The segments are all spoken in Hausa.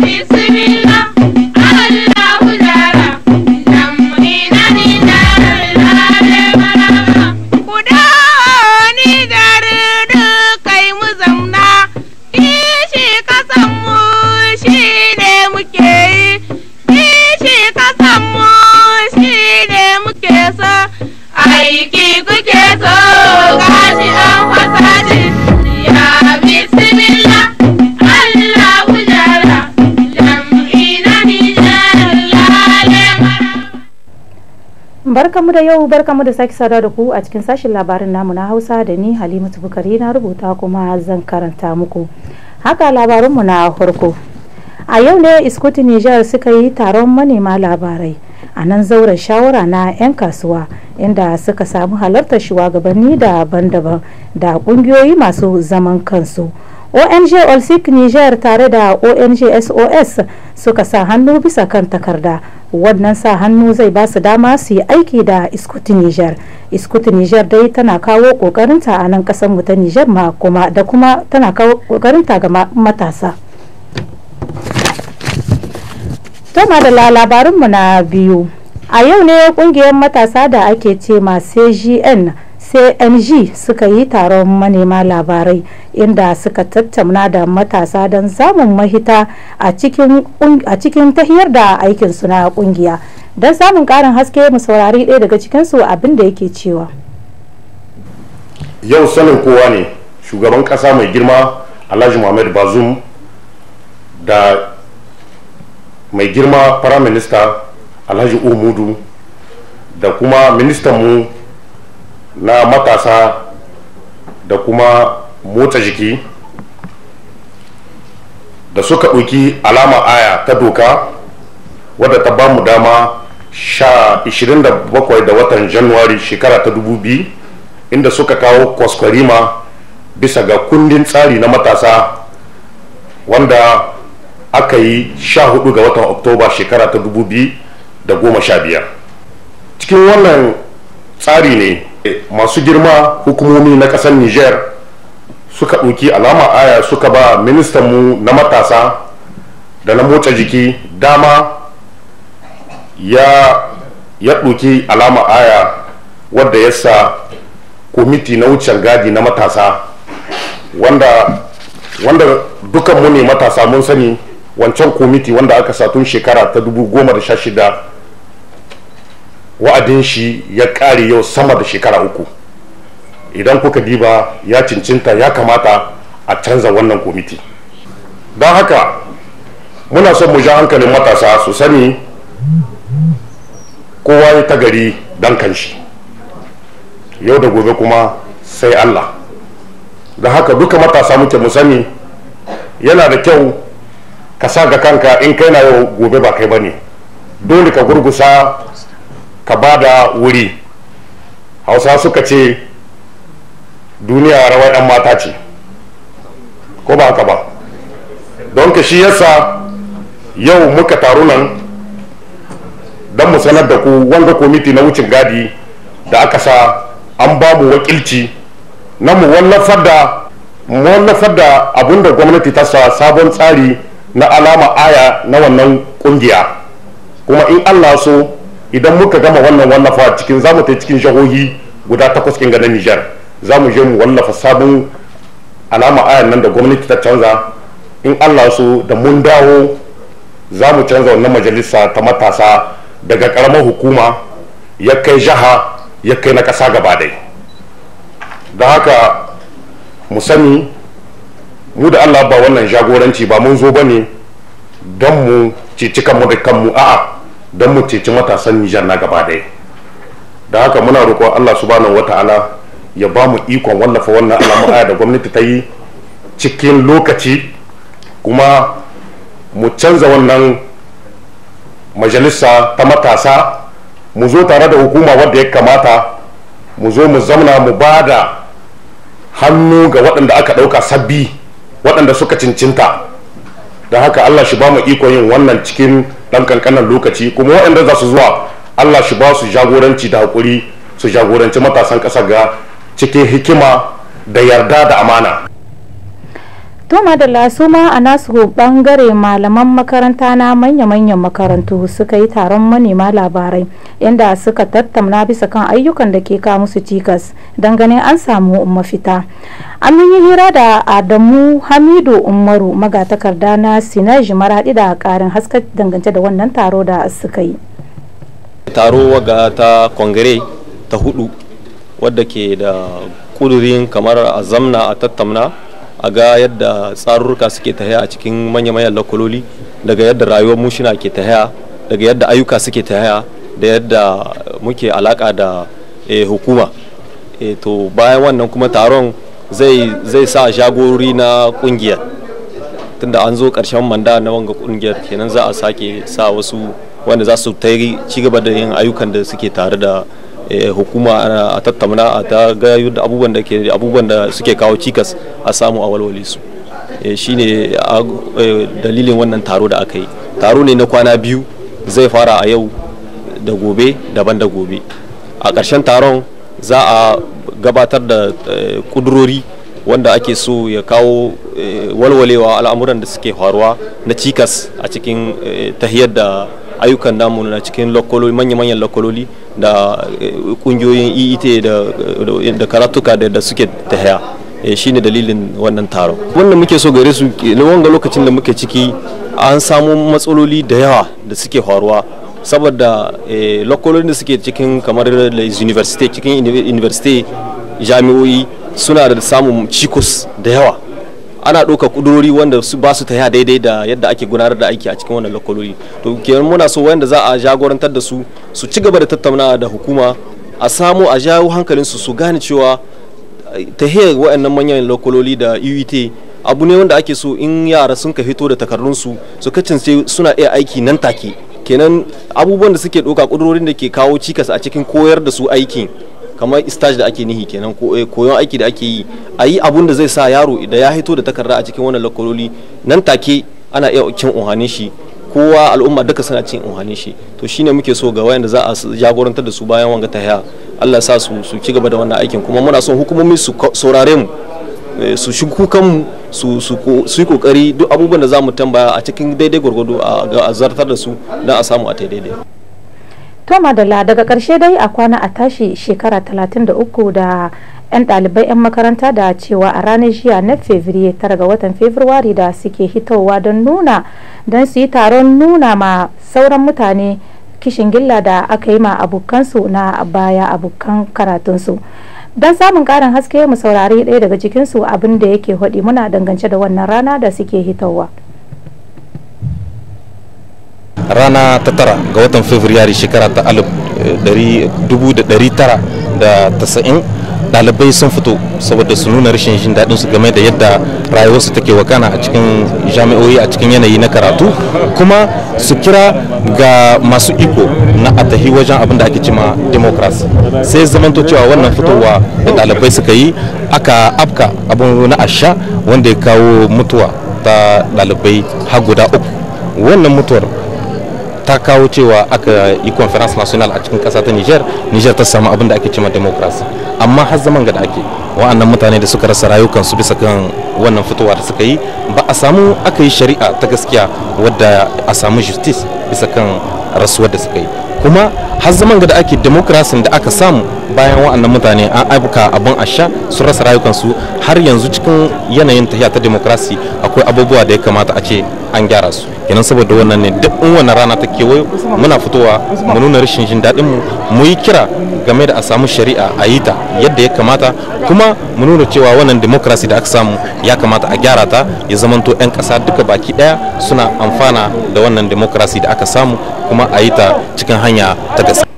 Bismillah. barkamu da yau barkamu da saki sada da ku a cikin sashen labarin namu na hausa da ni halimatu bukari na rubuta kuma zan karanta muku haka labarinmu na farko a yau ne iskoti niger suka yi taron manema labarai a nan zauren shawara na 'yan kasuwa inda suka samu halartar shugabanni daban-daban da kungiyoyi masu zaman kansu ong olsic niger tare da ong sos suka sa hannu bisa kan takarda wannan sa hannu zai ba su dama su yi aiki da iskut niger iskut niger dai tana kawo kokarinta a nan kasan ta niger ma kuma da kuma tana kawo kokarinta ga matasa tana da labarinmu na biyu a yau ne kungiyar matasa da ake ce ma cgn ng suka yi taron manema labarai inda suka tattauna da matasa don samun mahita a cikin tahiyar da aikinsu na kungiya don samun karin haske mu saurari ɗaya daga cikinsu abin da yake cewa yau sanin kowa ne shugaban ƙasa mai girma alhaji muhammad bazum da mai girma firaminista alhaji umudu da kuma ministanmu na matasa da kuma motsa jiki da suka ɗauki alama aya ta doka wadda ta bamu dama 27 da watan januwari shekara ta 2000 inda suka kawo kwaskwarima bisa ga kundin tsari na matasa wanda aka yi 14 ga watan oktoba shekara ta biyar cikin wannan tsari ne masu girma hukumomi na ƙasar niger suka ɗauki alama aya suka ba ministanmu na matasa da na motsa jiki dama ya ya ɗauki alama aya wadda ya sa kwamiti na wucin gadi na matasa wanda wanda dukanmu ne matasa mun sani wancan kwamiti wanda aka satun shekara ta 2016 wa'adin shi ya kare yau sama da shekara uku idan kuka diba ya cincinta ya kamata a canza wannan komiti don haka muna son mu ja hankalin matasa su sani kowa ya ta gari don kanshi yau da gobe kuma sai allah da haka duka matasa muke mu sani yana da kyau ka sa ga kanka in kai na yau gobe ba kai ba ne dole ka gurgusa ka ba da wuri hausa suka ce duniya rawar 'yan mata ce ko ba haka ba don ka shi yasa yau muka taru nan don mu sanar da ku wanga komiti na wucin gadi da aka sa an ba mu wakilci na mu wallafar da wallafar da abinda gwamnati ta sa sabon tsari na alama aya na wannan kungiya kuma in allah so idan muka gama wannan wallafa cikin zamu ta cikin jahohi guda takwas kin ga na Nijar zamu je mu wallafa sabon alama ayan nan da gwamnati ta canza in Allah so da mun dawo zamu canza wannan majalisa ta matasa daga karamar hukuma ya kai jaha ya kai na kasa gaba dai da haka mu sani mu da Allah ba wannan jagoranci ba mun zo ba ne don mu ci kanmu da kanmu a'a don mu ceci matasan nijar na gaba ɗaya da haka muna roƙon allah subhanahu wata'ala ya ba mu ikon wallafa wannan aya da gwamnati ta yi cikin lokaci kuma mu canza wannan majalisa ta matasa mu zo tare da hukuma wadda ya kamata mu zo mu zamna mu ba da hannu ga waɗanda aka ɗauka sabbi waɗanda suka cincinta da haka allah shi ba mu ikon yin wannan cikin dan kankanan lokaci kuma waɗanda za su zuwa allah shi ba su jagoranci da haƙuri su jagoranci matasan ƙasa ga cikin hikima da yarda da amana to madalla su ma a nasu bangare malaman makaranta na manya-manyan makarantu suka yi taron manema labarai inda suka tattauna bisa kan ayyukan da ke ka musu cikas don ganin an samu mafita an yi hira da adamu hamidu umaru magatakarda na sinaji maraɗi da karin haska dangance da wannan taro da suka yi taro waga ta kongare ta hudu wadda ke da kudurin kamar a zamna a tattauna a ga yadda tsarurruka suke ta a cikin manya-manyan lakololi daga yadda rayuwar mushina ke ta daga yadda ayyuka suke ta da yadda muke alaka da eh, hukuma eh, to bayan wannan kuma taron zai sa shagori na kungiyar tunda an zo karshen manda na wanga kungiyar kenan za a sake sa wasu wanda za su ta ci gaba da yin ayyukan da suke tare da Eh, hukuma a tattauna a ta ga yadda abubuwan da ke abubuwan da suke kawo cikas a samu a walwale su eh, shine eh, dalilin wannan taro da aka yi taro ne na kwana biyu zai fara a yau da gobe daban da gobe a ƙarshen taron za a gabatar da kudurori wanda ake so ya kawo walwalewa al'amuran da suke faruwa na cikas a cikin tahiyar da ayyukan namu na cikin lokololi manya-manyan lokololi da eh, kungiyoyin iit e e eh, da karatuka da suke ta haya eh, shi ne dalilin wannan taron wannan muke so gare su wanga lokacin da muke ciki an samu matsaloli da yawa da suke faruwa saboda lokololin da suke cikin kamar university cikin university jami'o'i suna da samun cikus da yawa ana ɗauka kudurori wanda su ba su tafiya daidai da yadda ake gudanar da aiki a cikin wannan lokaloli to kenan muna so wanda za a jagorantar da su su ci gaba da tattaunawa da hukuma a samu a jawo hankalin su su gane cewa eh, tahiyar waɗannan manyan lokaloli da e UET abu ne wanda ake so in yara sun ka fito da takardun su su kacance suna iya aiki nan take kenan abubuwan da suke ɗauka kudurorin da ke kawo cikas a cikin koyar da su aikin kamar stage da ake nihi kenan eh, koyon aiki da ake yi a yi abun da zai sa yaro da ya hito da takarda a cikin wannan lokololi nan take ana iya cin unhanin shi kowa al'umma duka suna cin unhanin shi to shine muke so ga wayanda za a jagorantar da su bayan wanga ta haya Allah sa su su ci gaba da wannan aikin kuma muna son hukumomi su saurare mu eh, su shi kukan su su yi kokari duk abubuwan da za mu tambaya a cikin daidai gwargwado a zartar da su don a samu a daidai to madalla daga karshe dai a kwana a tashi shekara 33 da 'yan ɗalibai 'yan makaranta da cewa a ranar jiya na fevrier tara ga watan fevruari da suke hitowa don nuna don su yi taron nuna ma sauran mutane kishin gilla da aka yi ma abokansu na baya abokan karatunsu don samun ƙarin haske mu saurari ɗaya daga cikinsu abin da yake haɗi muna dangance da wannan rana da suke hitowa. rana ta tara ga watan fevriyari shekara ta eh, tasa'in dalibai sun fito saboda su nuna rashin jin daɗin su game da yadda rayuwarsu take wakana a cikin jami'o'i a cikin yanayi na karatu kuma su kira ga masu iko na atahi wajen abin da ake cima demokrasi sai zamanto cewa wannan fitowa da dalibai suka yi aka afka abin na asha wanda ya kawo mutuwa ta dalibai har guda uku wannan mutuwar ta kawo cewa aka yi conference national a cikin kasa ta niger niger ta samu abin da ake cima demokrasi amma har zaman ga da ake wa'annan mutane da suka rasa su bisa kan wannan fitowa da suka yi ba a samu aka yi shari'a ta gaskiya wadda a samu justice bisa kan rasuwar da suka yi kuma har zaman da ake demokrasin da aka samu bayan wa'annan mutane an aibuka abin asha su rasa rayukansu har yanzu cikin yanayin tahiya ta demokrasi akwai abubuwa da ya kamata a ce an gyara su kenan saboda wannan ne duk in wannan rana ta kewayo muna fitowa mu nuna rashin jin daɗin mu mu yi kira game da a samu shari'a a yi ta yadda ya kamata kuma mu nuna cewa wannan demokrasi da aka samu ya kamata a gyara ta ya zamanto 'yan ƙasa duka baki ɗaya suna amfana da wannan demokrasi da aka samu kuma a yi ta cikin hanya ta gaske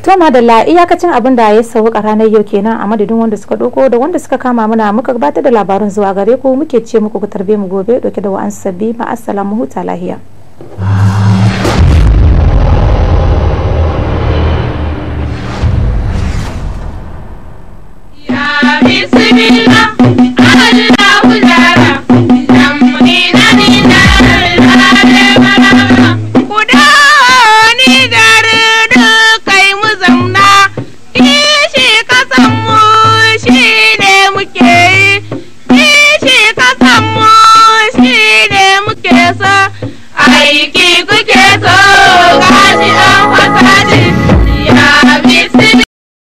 to madalla iyakacin abin da ya sauka ranar yau kenan a madadin wanda suka doko da wanda suka kama muna muka gabatar da labarin zuwa gare ku muke ce muku ku tarbe mu gobe dauke da wa'an sabbi ma assalamu huta lahiya Bismillah,